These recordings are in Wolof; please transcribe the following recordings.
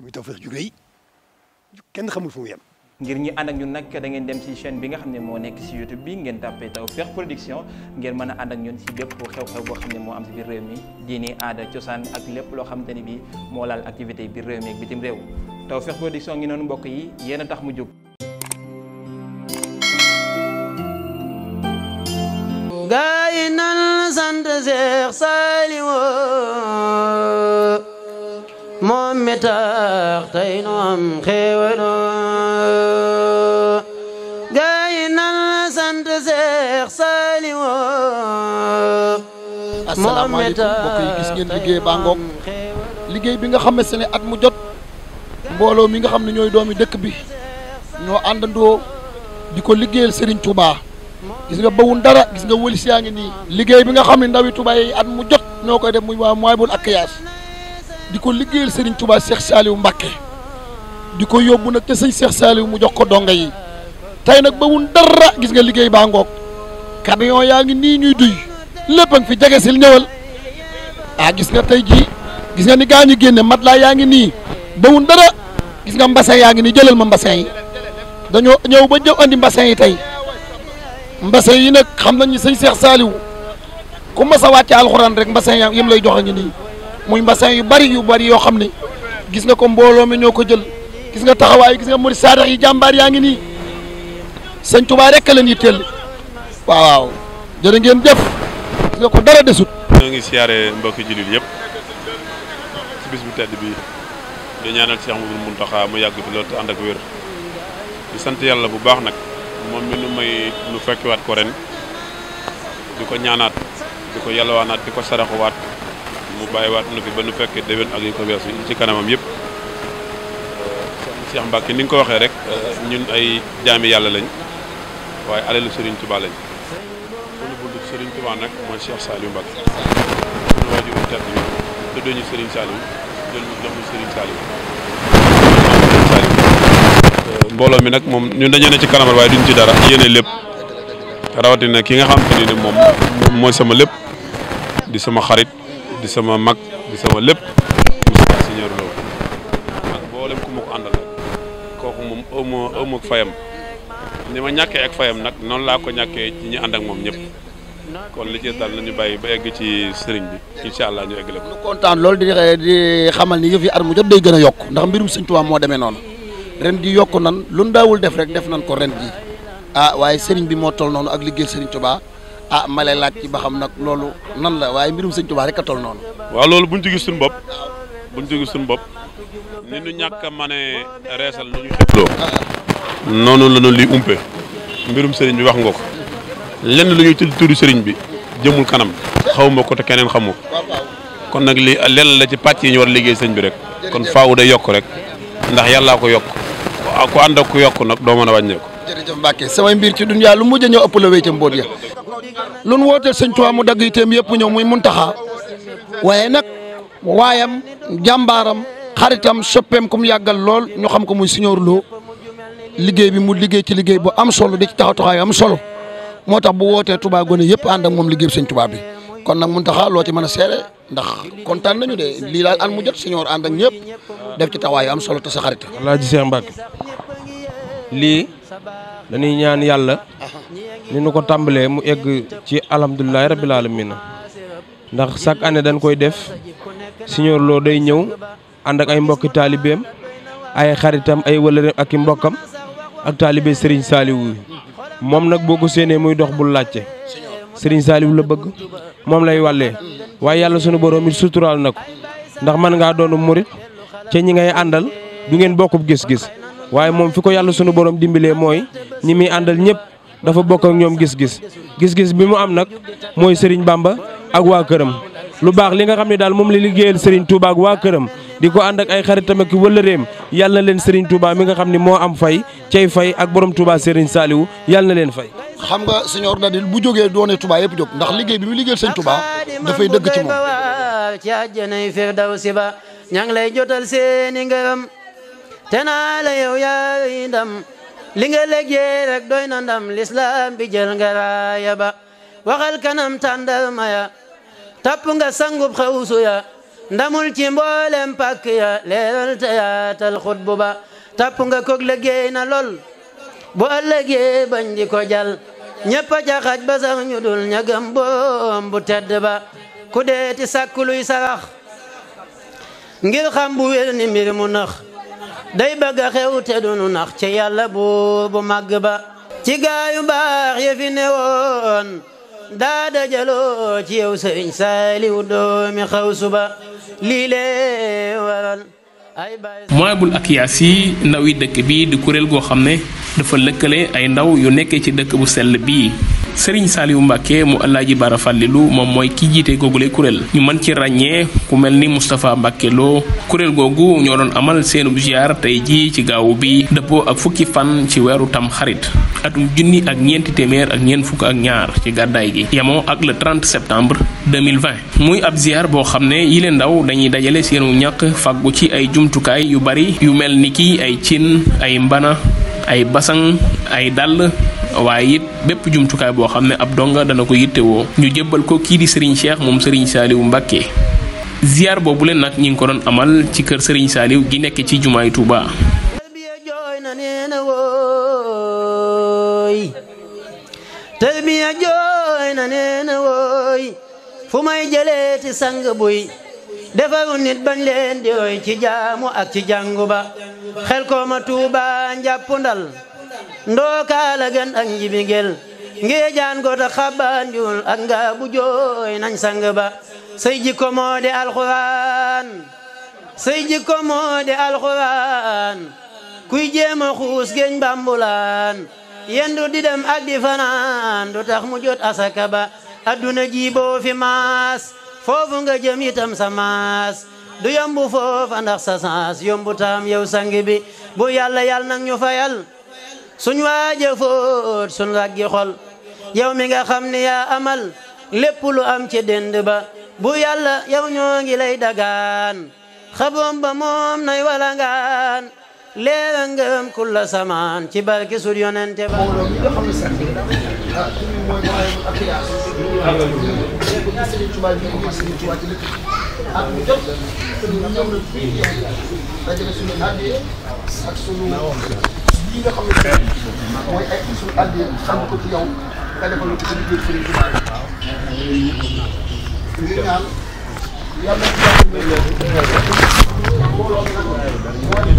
muy Tawfekh jugee yi kenn xamul fu mu yem. ngir ñi ànd ñun nag dangeen dem ci chaîne bi nga xam ne moo nekk ci YouTube bi ngeen tàppee Tawfekh Production ngeen mën a ànd ak ñun ci bépp xew-xew boo xam ne moo am ci biir réew mi diini aada cosaan ak lépp loo xamante ni bi moo laal activité biir réew mi ak bitim réew Tawfekh Production ngi noonu mbokk yi yéen tax mu jóg. gaay am xéewalu gaay yi gis ngeen liggéey baa ngoog liggéey bi nga xamante ne at mu jot mbooloo mi nga xam ne ñooy doomi dëkk bi ñoo àndandoo di ko liggéeyal sëriñ Touba gis nga bawun dara gis nga wëlis yaa ngi nii liggéey bi nga xam ne ndawi Touba yi at mu jot ñoo koy def muy waa mooy bul ak yaas di ko liggéeyal Serigne tubaa Cheikh Saliou Mbacké di ko yóbbu nag ca sëñ Cheikh Saliou mu jox ko donga yi tey nag ba mun dara gis nga liggéey baa ngoog camion yaa ngi nii ñuy duy lépp a fi jege sil ñëwal ah gis nga tey ji gis nga ni gaa ñu génne matelas yaa ngi nii ba mun dara gis nga mbasin yaa ngi nii jëlal ma mbasin yi dañoo ñëw ba ñëw andi mbasin yi tey mbasin yi nag xam nañu sëñ Cheikh Saliou ku mas a wàcce alxuraan rek mbasin yam lay jox a ngi nii muy mbasin yu bari yu bari yoo xam ne gis nga ko mbooloo mi ñoo ko jël gis nga taxawaay gis nga murid saadax yi jàmbaar yaa ngi nii sëñ Tuubaa rek la ñuy teel waaw waaw jërë ngeen jëf gis nga ko dara desut. ñoo ngi siyaare mbokki jullit yëpp ci bis bu tedd bi di ñaanal Cheikh Mouhamadou Mountakha mu yàgg fi loolu te ànd ak wér di sant yàlla bu baax nag moom mi nu may nu fekkiwaat ko ren di ko ñaanaat di ko yalwaanaat di ko saraxuwaat mu bàyyiwaat nu fi ba nu fekkee déwén ak yu ko weesu yi ci kanamam yëpp. Cheikh Mbacke ni nga ko waxee rek euh, ñun ay jaami yàlla lañ waaye alalu Serigne Touba lañ suñu bunt Serigne Touba nag mooy Cheikh Saliou Mbacke suñu euh, mbooloo mi nag moom ñun dañoo ne ci kanamal waaye duñ ci dara yéene lépp rawatina ki nga xam te moom mooy sama lépp di sama xarit di sama mag di sama lépp ëmma ëmma ak fayam ni ma ñàkkee ak fayam nag noonu laa ko ñàkkee ci ñi ànd moom ñëpp kon li ci daal nañu bàyyi ba egg ci sëriñ bi incha allah ñu eggale ko. ñu kontaan loolu di xamal ni yëf yi at mu jot day gën a yokk ndax mbirum Sëriñ Tuubaa moo deme noonu ren di yokk nan lu ñu daawul def rek def nan ko ren ji ah waaye sëriñ bi moo toll noonu ak liggéey sëriñ tubaa ah ma lay laaj ci ba xam nag loolu nan la waaye mbirum Sëriñ Tuubaa rek a toll noonu. waa loolu bu ñu ci gis suñu bopp bu ñu ci bopp. ni nu ñàkk a manee reesal nu ñu xeploo noonu la ñu liy umpe mbirum sëriñ bi wax nga ko lenn lu ñuy tudd tudd sëriñ bi jëmul kanam xawma ko te keneen xamu kon nag li lenn la ci pàcc yi ñu war a liggéey sëñ bi rek kon faaw day yokk rek ndax yàllaa ko yokk ku ànd ak ku yokk nag doo mën a wàññeeku. jërëjëf Mbacke samay mbir ci dunya lu mujj a ëpp la wéy ca mbóot ya lu nu sëñ Tuubaa mu dagg iteem yëpp ñëw muy Muntaxa waaye nag waayam jàmbaaram. xaritam soppeem ku mu yàggal lool ñu xam ko muy Signor Lo liggéey bi mu liggéey ci liggéey boo am solo di ci taxaw taxawaay am solo moo tax bu wootee Touba Gone yëpp ànd ak moom liggéey bi sëñ bi kon nag Mountakha loo ci mën a seere ndax kontaan nañu de lii daal an mu jot Signor ànd ak ñëpp def ci taxawaay am solo te sa xarit. Alaaji Seex Mbàkke lii dañuy ñaan yàlla ni nu ko tàmbalee mu egg ci alhamdulilah rabbil alamin ndax chaque année dañ koy def Signor Lo day ñëw. ànd ak ay mbokki taalibeem ay xaritam ay wëlëreem ak i mbokkam ak taalibe sëriñ Saliou moom nag boo ko séenee muy dox bu laajte Serigne Saliou la bëgg moom lay walle waaye yàlla sunu borom it suturaal na ko ndax mën ngaa doonu murit ca ñi ngay àndal du ngeen bokkub gis-gis waaye moom fi ko yàlla sunu borom dimbalee mooy ñi muy àndal ñëpp dafa bokk ñoom gis-gis gis-gis bi mu am nag mooy sëriñ Bamba ak waa këram lu baax li nga xam ne daal moom la liggéeyal Serigne Touba waa këram. di ko ànd ak ay xaritam ak wëllëreem yàlla na leen Serigne Touba mi nga xam ni moo am fay cay fay ak borom Touba Serigne Saliou yàlla leen fay. xam nga sëñ ordinateur bu jógee doone Touba yëpp jóg ndax liggéey bi mu liggéeyal sëñ Touba dafay dëgg ci moom. ba ña ngi te naa la yow yaay ndam li nga liggéey rek doy na ndam lislaam bi jël nga raaya ba waxal kanam tàndar maya tapp nga sangub xawsu ya ndamul ci mboolem pàkk ya leeral te yaatal xutbu ba tapp nga koog liggéey na lool bu ëllëgee bañ di ko jal ñëpp a jaxaj ba sax ñu dul ñagam boom bu tedd ba ku deeti sàkku luy sarax ngir xam bu ni mbir nax day bëgg a xew te dunu nax ci yàlla bu bu màgg ba ci gaayu baax ya fi newoon daa dajaloo ci yow sëriñ saaliw doomi xaw suba lii lee waral mois Mouwahiboul Akyasi ndawi dëkk bi di kuréel goo xam ne dafa lëkkale ay ndaw yu nekkee ci dëkk bu sell bii Serigne Saliou Mbacke mu allaaji Bara Fàllilu moom mooy ki jiite googule kuréel ñu mën ci ràññee ku mel ni mustapha Mbacke loo kuréel googu ñoo doon amal bu ziar tey jii ci gaaw bi dëppoo ak fukki fan ci weeru tam xarit atum junni ak ñeenti téeméer ak ñeent fukk ak ñaar ci gàddaay gi yemoo ak le trente septembre 2020 muy ab ziar boo xam ne yile ndaw dañuy dajale seenu ñakk fàggu ci ay jumtukaay yu bari yu mel ni ki ay cin ay mbana ay basang ay dàll waaye it bépp jumtukaay boo xam ne ab donga dana ko yittewoo ñu jébbal ko kii di sëriñ Cheikh moom sëriñ Saliou Mbacké ziar boobu leen nag ñi ngi ko doon amal ci kër sëriñ saaliw gi nekk ci jumaay Touba. tarbiya jooy fu may jëleeti sang buy defaru nit bañ leen di roy ci jaamu ak ci jàngu ba xel kooma tuuba njàppu ndal ndookaa la gën ak njibi ngel ngeejaan goota xabbaan jul ak nga bu jooy nañ sang ba say jikko moo de alxuraan say jikko moo de alxuraan kuy jéem xuus geñ bambulaan yendu di dem ak di fanaan du tax mu jot asaka ba adduna ji boo maas foofu nga jëm itam sa maas du yombu foofa ndax sa yombu taam yow sang bi bu yàlla yàlla nag ñu fayal suñ waaja foot suñ raggi xol yow mi nga xam ne yaa amal lépp lu am ci dend ba bu yàlla yow ñoo ngi lay dagaan xaboom ba moom nay walangaan leera ngëm kulla samaan ci barki sur yonente ba Serigne Touba bi ko Serigne Touba ci dëkk ak mu jot ñu ñëw na fii dajale suñu àddee ak suñu lii nga xam ne mooy ay suñu àddee sàmm ko ci yow nga defal ko ci liggéey Serigne Touba bi ñu ñaan yàlla na mbooloo mi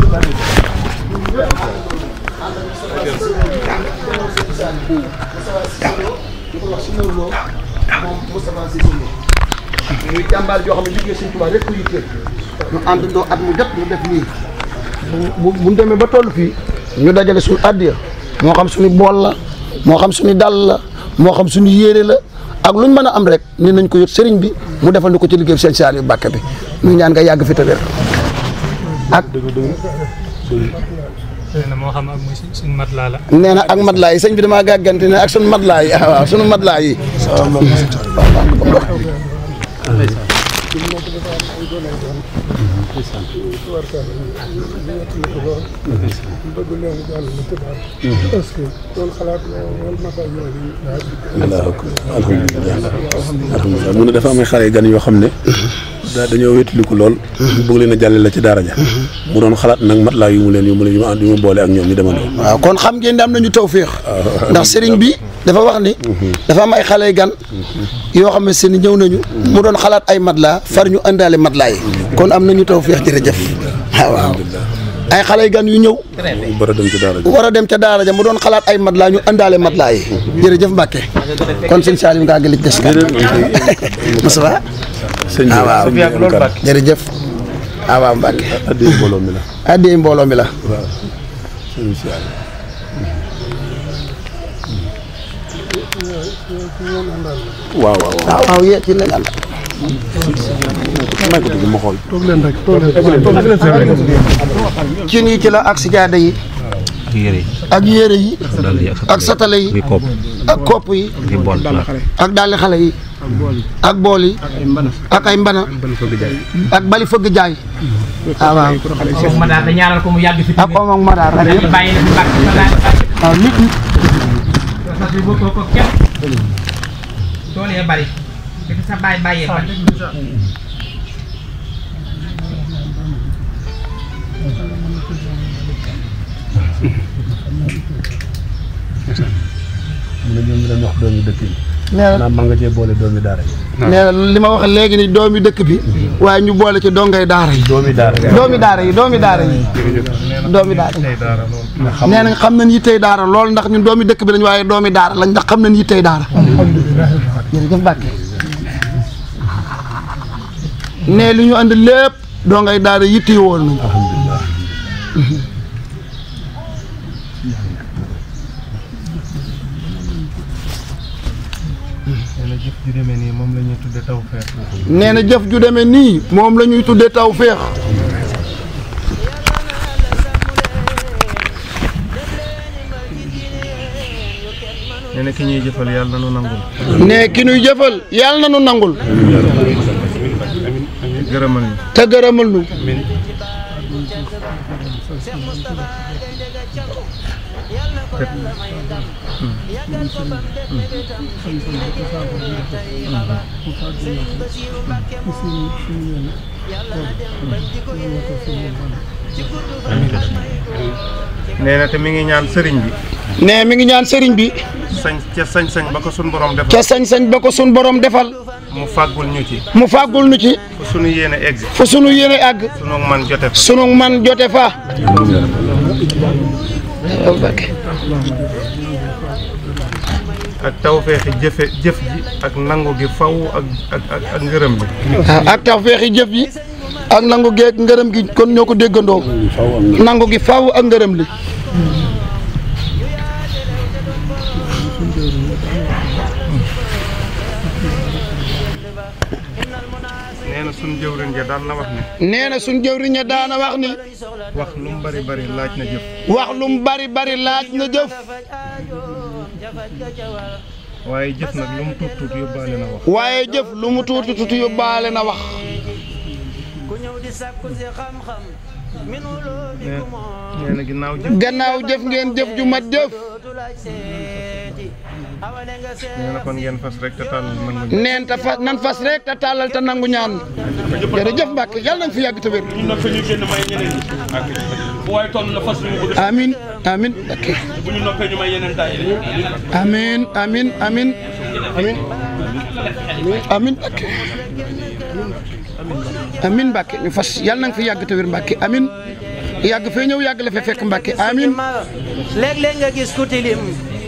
nag moo ñu koy wax suñu xam ne liggéey Sëñ at mu jot ñu def demee ba toll fii ñu dajale suñu addiya moo xam suñu bool la moo xam suñu dàll la moo xam suñu yére la ak luñ mën a am rek ni nañ ko yot sëriñ bi mu defal ñu ko ci liggéey Sëñ Saliou bàkke bi ñu ñaan nga yàgg fi te ak nee na moo xam ak muy suñ matelas la. nee na ak matelas yi sëñ bi damaa gàggante ne ah, ah, ak suñu yi waaw suñu matelas yi. alhamdulilah alhamdulilah mun na gan yoo xam ne. dañoo wétliku lool ñu bëgg leen a jàlle la ci daara mu doon xalaat nag mat laa yu mu leen yu mu leen yu mu boole ak ñoom ñu demandoo waaw kon xam ngeen ne am nañu tawféex ah. ndax sëriñ bi dafa wax ni dafa am ay xale gan yoo xam ne seen ñëw nañu mu doon xalaat ay mat laa far ñu indaale mat laa yi kon am nañu tawféex jërëjëf waaw ay xale gan yu ñëw war a dem ca daara ja mu doon xalaat ay mat laa ñu indaale mat laa yi mm-hmm. jërëjëf Mbàkke kon sëñ Saliou ngaa ngi liñ des ka sëñ bi ah, waaw ah, mbooloo mi la. mbooloo mi la. waaw. waaw waaw waaw ah, yéen ci lañ ko déglu ma xool. toog ci la ak si jaada yi. ak yére yi. ak yére yi. ak satale yi ak kopp yi. ak daali xale yi. ak bool yi. ak ay mbana. ak bali fëgg jaay. ah ak moom ma daal rek. waaw ah, nit doon wax dëkk bi nee nga cee boole doomi daara yi nee li ma wax léegi ni doomi dëkk bi waaye ñu boole ci dongay daara yi doomi daara yi doomi daara yi doomi daara yi doomi daara yi nee na xam nañ yittey daara lool ndax ñun doomi dëkk bi lañ waaye doomi daara lañ ndax xam nañ yittey daara jërëjëf Mbàkke nee li ñu ànd lépp dongay daara yittewoo nañ nii moom la ñuy tuddee tawféex. nee na jëf ju demee nii moom la ñuy tuddee tawféex. nee ki ñuy jëfal yàlla na nu nangul. nee ki ñuy jëfal yàlla na nu nangul. gërëmal ñu. te gërëmal ñu. nee na te mi ngi ñaan sëriñ bi. nee mi ngi ñaan sëriñ bi. sañ ca sañ-sañ ba ko sun borom defal. ca sañ-sañ ba borom defal. mu fàggul ñu ci. mu fàggul ñu ci. fu sunu yéene egg. fu sunu yéene àgg. sunu man jote fa. man jote fa. ak tawféexi jëfe jëf ji ak nangu gi faw ak ak ak ngërëm bi. Ah, ak tawféexi jëf ji ak nangu gi ak ngërëm gi kon ñoo ko déggandoo. nangu gi faw ak ngërëm li. suñ jëwriñ ja na wax ni. nee na suñ jëwriñ daan na wax ni. lu mu bari bari laaj na jëf. wax lu mu bari bari laaj na jëf. waaye jëf waaye jëf lu mu tuut tuut na wax. nee na ginnaaw gannaaw jëf ngeen jëf ju mat jëf. nee na kon rek te tàllal nangu ñaan. neen te fas nan fas rek te tàllal te nangu ñaan. jërëjëf Mbacke yàlla nañ fi yàgg te wér. ñun nag fa ñuy génn may ñu fas yàlla nañ fi yàgg te wér Mbacke yàgg fee ñëw yàgg la fekk Mbacke amiin.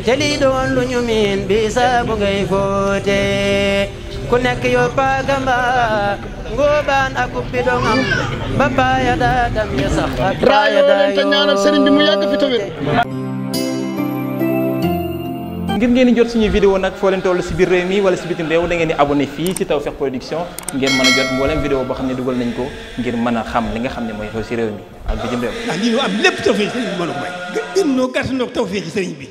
te lii doon lu ñu miin bi saa bu ngay fóote ku nekk yo paagamba ngóobaan ak ubbi doomam ba paaya daa dam ya sax ak paaya daa yoo te ñaanal sëriñ bi mu yàgg fi tamit jot suñu vidéo nag foo leen toll si biir réew mi wala si bitim réew da ngeen di abonné fii si Tawfekh Production ngeen mën a jot mboolem vidéo boo xam ne dugal nañ ko ngir mën a xam li nga xam ne mooy xew si réew mi ak bitim réew. ndax lii am lépp Tawfekh sëriñ ci mën bi.